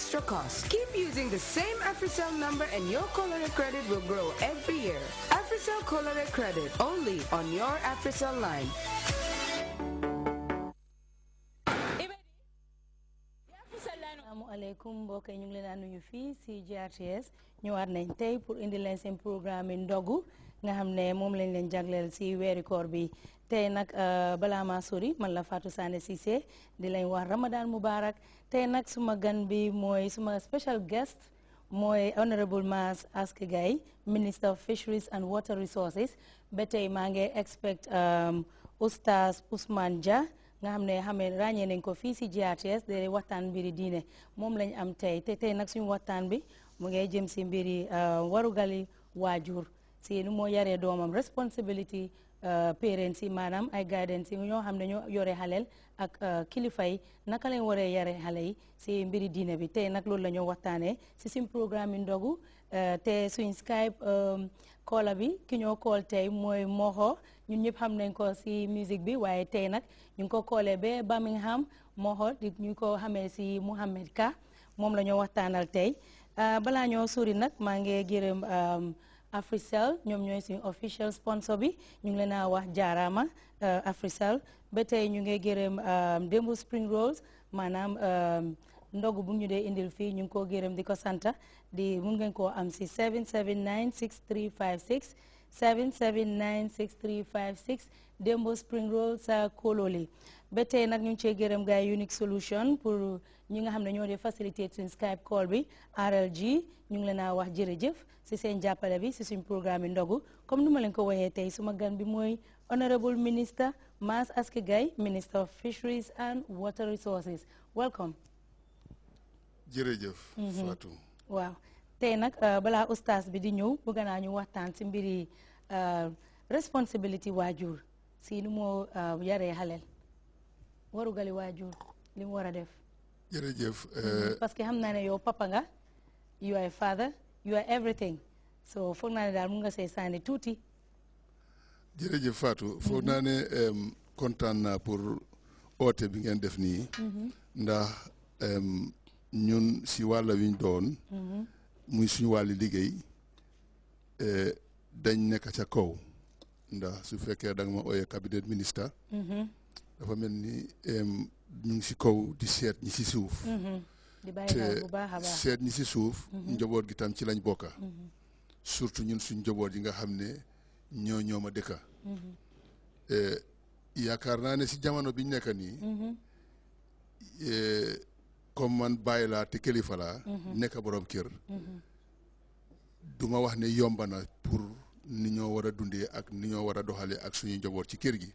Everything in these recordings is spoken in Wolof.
extra cost. Keep using the same AfriCell number and your Colorado credit will grow every year. AfriCell Colorado credit only on your AfriCell line. asalaamaaleykum mbokk yi ñu ngi leen a fii si GRTS ñëwaat nañ tey pour indi leen seen programme yi nga xam ne moom lañ leen jagleel si weeri koor bi tey nag euh, balaa maa sori man la Fatou Sané Cissé di leen wax Ramadan Mubarak tey nag suma gan bi mooy suma special guest mooy honorable Mass Aske Gueye minister of fisheries and water resources ba tey maa ngi expect euh, oustaz Ousmane Dia. nga xam ne xamee ràññee nañ ko fii si GRTS de waxtaan mbiri diine moom lañ am tey te tey nag suñu waxtaan bi mu ngay jëm si mbiri euh, warugali waajur si nu moo yaree doomam responsibility Euh, parents yi maanaam ay guidance yi ñoo xam ne ñoo yore xaleel ak euh, kilifa yi naka lañ waree yare xale yi si mbiri diine bi tey nag loolu la ñoo waxtaanee si suñ programme ndogu euh, te suñ skype koola bi ki ñoo call tey mooy Moho ñun ñëpp xam nañ ko si musique bi waaye tey nag ñu ngi ko koolee ba Birmingham Moho di ñu ko xamee si Mouhamed Ka moom la ñoo waxtaanal tey balaa ñoo sori nag maa ngi gërëm Africell ñoom ñooy suñu official sponsor bi ñu ngi leen a wax jaaraama euh, Africell ba tey ñu ngi gërëm euh, démbu spring rolls maanaam euh, ndogu bu ñu dee indil fii ñu ngi koo gërëm di ko santa di mun ngeen koo am si 779 6356 779 6356 démbu spring rolls sa kóolóoli ba tey nag ñu ci gaay unique solution pour ñi nga xamne ñoo dé faciliter sun Skype call bi RLG ñu ngi leen a wax jërëjëf ci seen jappalé bi ci sun programme ndogu comme nu ma leen ko wayé tay suma gan bi moy honorable minister mas Aski gay minister of fisheries and water resources welcome. jërëjëf. Mhm. Fatou waaw tey nag euh, bala oustaz bi di ñëw bëgg ñu waxtaan ci mbiri euh, responsibility wajur, si nu moo euh, yare halal. warugali waajur li mu war a def. jërëjëf. Mhm, euh, parce que xam naa ne yow papa nga you are father you are everything so foog naa ne daal mun nga say saani tuuti. jërëjëf Fatou mhm. foog naa ne kontaan naa pour oote bi ngeen def nii. Mhm. ndax ñun si wàlla wiñ doon. muy suñu wàlli liggéey e, dañ nekk ca kaw ndax su fekkee da ma ooyee cabinet ministre. dafa mel ni ñu ngi si kaw di seet ñi si suuf. Mm-hmm. te seet ñi si suuf. Mm-hmm. njaboot gi tam ci lañ bokka mm-hmm. surtout ñun suñ njaboot yi nga xam ne ñoo ñoom a dëkka. E, yaakaar naa ne si jamono biñ nekk nii. E, comme man bàyyi laa te kilifa laa. nekk borom kër. du wax ne yomba na pour ni ñoo war a dundee ak ni ñoo war a doxalee ak suñu njaboot ci kër gi.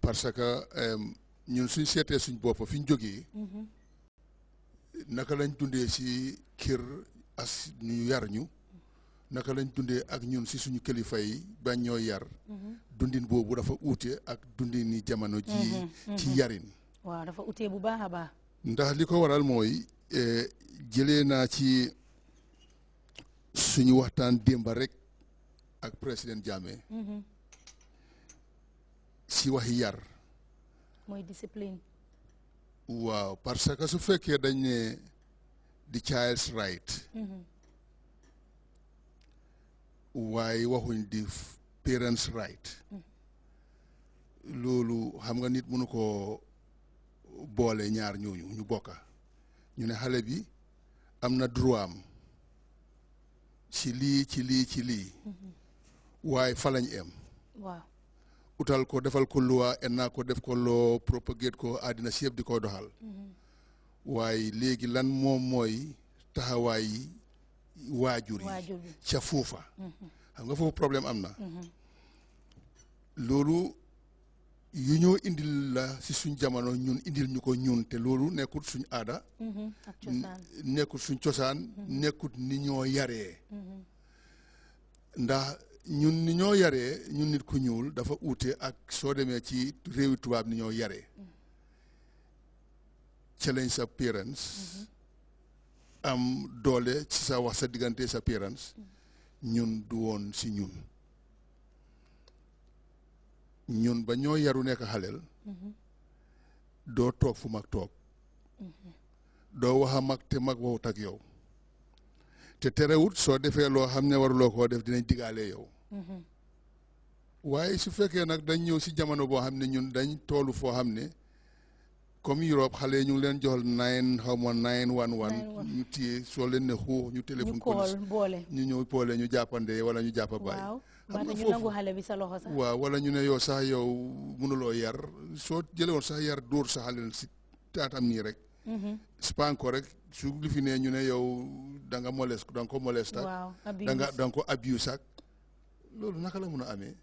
parce que euh, ñun suñ seetee suñ bopp fi ñu jógee. Mhm. naka lañ dundee si kër as ñu yar ñu. naka lañ dundee ak ñun si suñu kilifa yi bañ ñoo yar. Mhm. dundin boobu dafa uute ak dundini jamono ji mhm. ci yarin. bu baax a baax. ndax li ko waral mooy eh, jëlee naa ci suñu waxtaan démba rek ak président Jammeh. si wax yar. waaw parce que su fekkee dañ ne di child's right. Mm-hmm. waaye waxuñ di parents right. Mm-hmm. loolu xam nga nit mënu ko boole ñaar ñooñu ñu bokka ñu ne xale bi am na droit am ci lii ci lii ci lii. Mm-hmm. waaye fa lañ utal ko defal ko luwa en naa ko def ko loo propagate ko àddina si yëpp di ko doxal mm-hmm. waaye léegi lan moom mooy taxawaay waajur yi ca foofa mm-hmm. xam nga foofu problème am na mm-hmm. loolu yu ñoo indil la si suñ jamono ñun indil ñu ko ñun te loolu nekkut suñ aada nekkut suñ cosaan nekkut ni ñoo yaree ndax ñun ni ñoo yaree ñun nit ku ñuul dafa uute ak soo demee ci réewi tubaab ni ñoo yaree mm-hmm. challenge sa parents mm-hmm. am doole ci sa wax sa diggante sa parents mm-hmm. ñun du woon si ñun ñun ba ñoo yaru nekk xaleel doo toog fu mag toog doo waxa a mag te mag waxut ak yow te terewut soo defee loo xam ne waruloo koo def dinañ digaale yow. Mhm. waaye su fekkee nag dañ ñëw si jamono boo xam ne ñun dañ toolu foo xam ne comme Europe xale yi ñu leen joxal nine xaw ma nine one one. ñu téye soo leen ne xuux ñu téléphone. police ñu ñëw boole ñu jàppande wala ñu jàpp bàyyi. xam nga foofu waaw wala ñu ne yow sax yow mënuloo yar soo jëlee sax yar dóor sa xale si taatam nii rek. spanko rek su li fi ne ñu ne yow danga nga molest da nga ko molest ak da nga da nga ko abuse ak loolu naka la mun a amee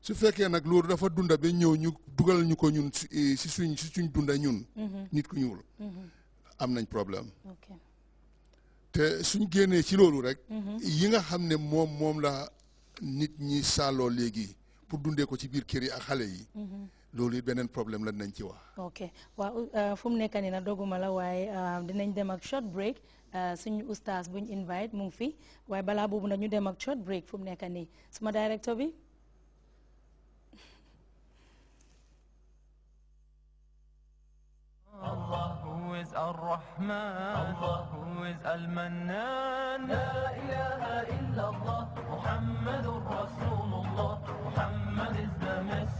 su fekkee nag loolu dafa dunda ba ñëw ñu dugal ñu ko ñun si eh, suñ si suñ dunda ñun mhm. nit ku ñuul mhm. am nañ problème te suñ génnee ci loolu rek mhm. yi nga xam ne moom moom la nit ñi saaloo léegi pour dundee ko ci biir kër yi ak xale yi lolu benen problème lañ nañ ci wax. ok wa fum nekkani na doguma la waaye dinañ dem ak short break suñu oustaz buñ invite mu ngi fi waaye bala bobu nag ñu dem ak short break fum nekkani suma directeur bi. الله هو الرحمن الله هو المنان لا إله إلا الله محمد رسول الله محمد is the message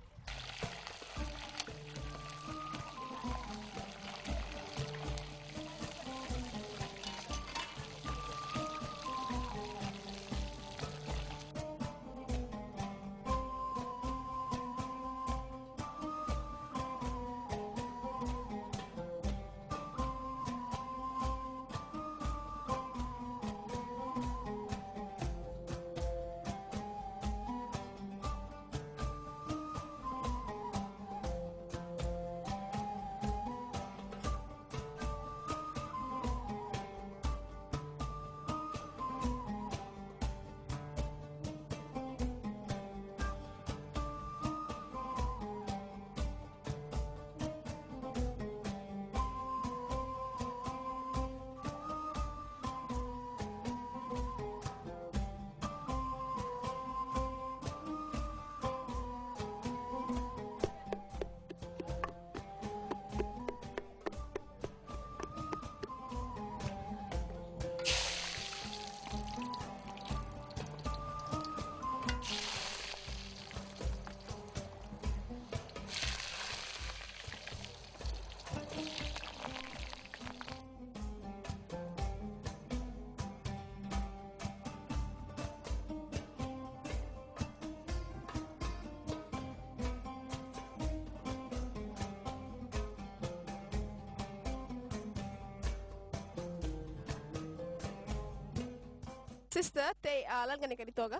sister tey ah, lan nga nekk di tooga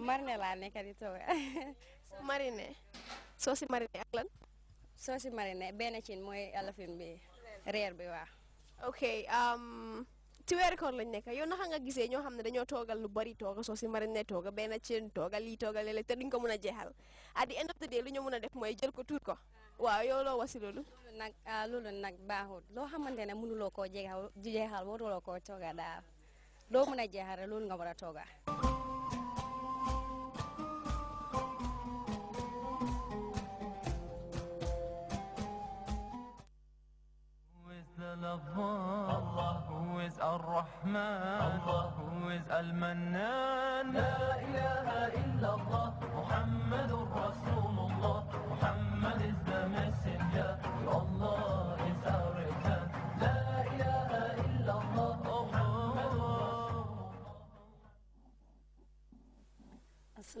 marine laa nekk di tooga marine soosi marine ak lan soosi marine benn cin mooy alafin bi reer bi waa ok ci weeri lañ nekk yow naka nga gisee ñoo xam ne dañoo toogal lu bari tooga soosi marine tooga benn cin tooga lii tooga léeg-léeg te duñ ko mun a jeexal at the end ñu mun a def mooy jël ko tuut ko waaw yow loo wasi loolu nag loolu nag ah, baaxut loo xamante ne mënuloo koo jeexal jeexal waruloo koo tooga daal loo mën a jeexare loolu nga الله هو الرحمن الله هو المنان لا إله إلا الله محمد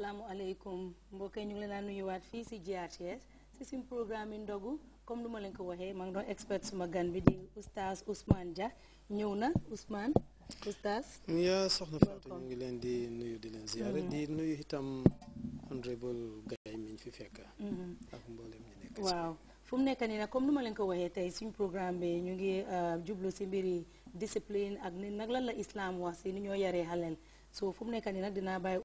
salaamualeykum mbokk yi ñu ngi leen a nuyuwaat fii si GRTS si suñ programme yi ndogu comme lu ma leen ko waxee maa ngi doon expert suma gan bi di oustaz Ousmane Dia ñëw na Ousmane oustaz. yaa soxna Fatou ñu ngi leen di nuyu di leen ziare mm-hmm. di nuyu itam honorable gay miñ fi fekk. Mm-hmm. ak mboolem ñu nekk waaw fu mu nekk nii nag comme lu ma leen ko waxee tey suñ programme bi ñu ngi euh, jublu si mbiri discipline ak ni nag lan la islam wax si ni ñoo yaree xaleel so fu mu nekk nii nag dinaa bàyyi